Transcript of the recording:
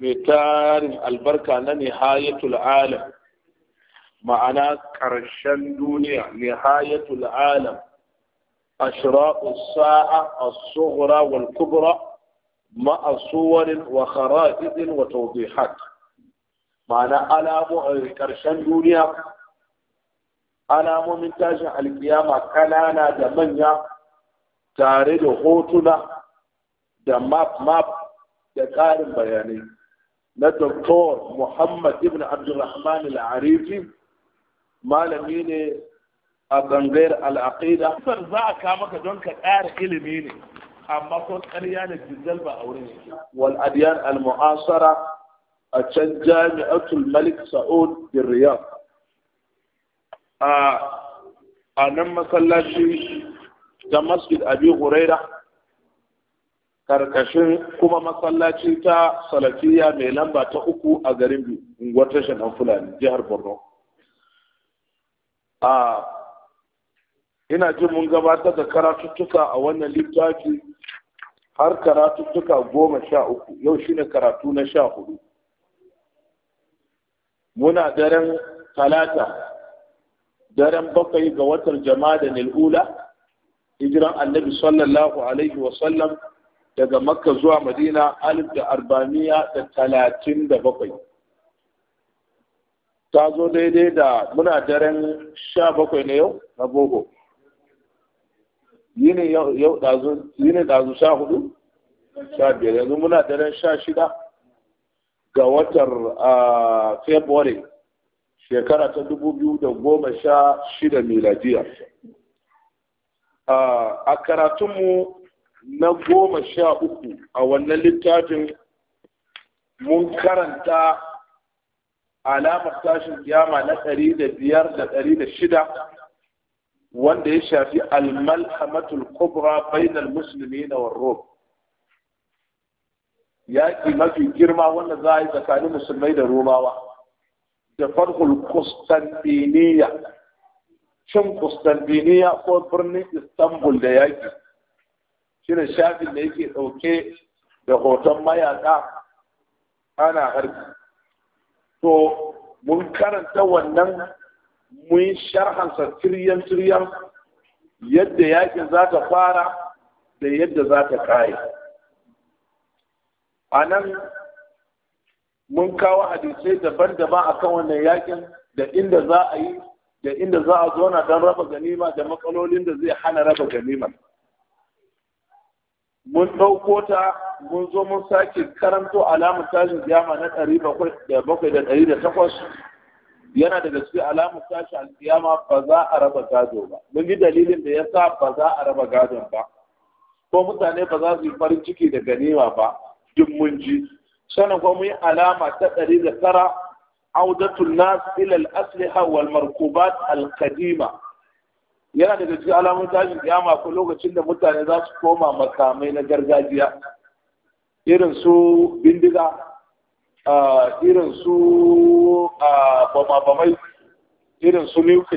بتعرف البركة نهاية العالم معنا كرشان دنيا نهاية العالم أشراق الساعة الصغرى والكبرى مع صور وخرائط وتوضيحات معنا ألام كرشان دنيا ألام من تاج القيامة كلانا دمنيا تارد خوتنا دماب ماب تقارن بياني na Dr. Muhammad ibn Abdulrahman al malami ne a gangayar al'aqida san za a kama ka don ka ƙara ilimi ne amma ko ƙarya da jizal ba aure ne wal adiyan al mu'asara a can jami'atul malik sa'ud bin riyadh a nan masallaci ta masjid abi karkashin kuma masallaci ta salafiya mai lamba ta uku a garin unguwar tashar fulani jihar borno a ina jin mun gabatar da karatuttuka a wannan littafi har karatuttuka goma sha uku yau shine karatu na sha hudu muna daren talata daren bakwai ga watan jama'a da nil'ula hijiran annabi sallallahu alaihi wasallam daga makka zuwa madina alif da arbaniya da talatin da bakwai ta zo daidai da muna daren sha bakwai na yau na gogo yini yau ɗazu ɗazu sha hudu sha biyar yanzu muna daren sha shida ga watar february shekara ta dubu biyu da goma sha shida miladiya a karatunmu na goma sha uku a wannan littafin mun karanta alamar tashin kiyama na ɗari da biyar da ɗari da shida wanda ya shafi almalhamatul kubra bainal musulmi na warro yaƙi mafi girma wanda za a yi tsakanin musulmai da romawa da farkul kustantiniya cin kustantiniya ko birnin istanbul da yaƙi shine shafin da yake dauke da hoton mayaka ana harbi to mun karanta wannan mun sharhansa tiryan tiryan yadda yakin za ta fara da yadda za ta kare a nan mun kawo hadisai daban-daban a kan wannan yakin da inda za a yi da inda za a zona don raba ganima da matsalolin da zai hana raba ganimar mun ɗauko ta mun zo mun sake karanto alamun tashin kiyama na ɗari bakwai da ɗari da takwas yana daga cikin alamun tashin alƙiyama ba za a raba gado ba mun yi dalilin da ya sa ba za a raba gadon ba ko mutane ba za su yi farin ciki da ganima ba duk mun ji sannan kuma mun yi alama ta ɗari da tara audatul nas ila al-asliha wal markubat al-qadima yana daga cikin alamun tashin kiyama ko lokacin da mutane za su koma makamai na gargajiya irin su bindiga ah, irin su ah, bama-bamai irin su